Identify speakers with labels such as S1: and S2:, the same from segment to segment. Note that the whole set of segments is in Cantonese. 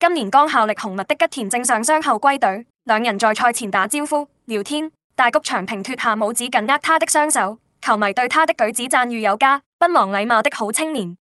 S1: 今年剛效力紅襪的吉田正尚傷後歸隊，兩人在賽前打招呼、聊天。大谷翔平脱下帽子，緊握他的雙手。球迷對他的舉止讚譽有加，不忘禮貌的好青年。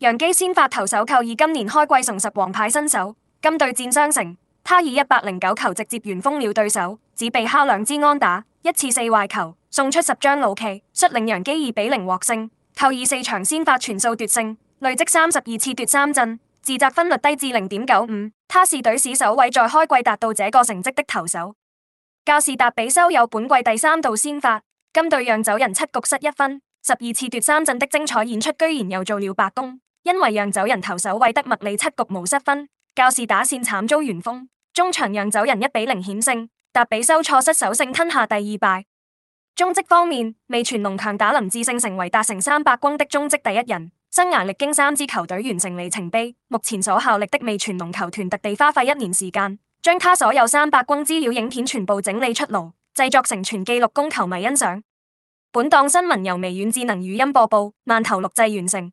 S1: 洋基先發投手扣以今年開季重拾王牌身手，今對戰雙城，他以一百零九球直接完封了對手，只被敲兩支安打，一次四壞球，送出十張老 K，率領洋基二比零獲勝。扣以四場先發全數奪勝，累積三十二次奪三振自責分率低至零點九五，他是隊史首位在開季達到這個成績的投手。教士達比修有本季第三度先發，今隊讓走人七局失一分，十二次奪三振的精彩演出居然又做了白工，因為讓走人投手位的麥里七局無失分。教士打線慘遭完封，中場讓走人一比零險勝，達比修錯失首勝吞下第二敗。中職方面，未全龍強打林智勝成為達成三百轟的中職第一人。生涯歷經三支球隊完成里程碑，目前所效力的味全龍球團特地花費一年時間，將他所有三百公資料影片全部整理出爐，製作成全紀錄供球迷欣賞。本檔新聞由微軟智能語音播報，慢頭錄製完成。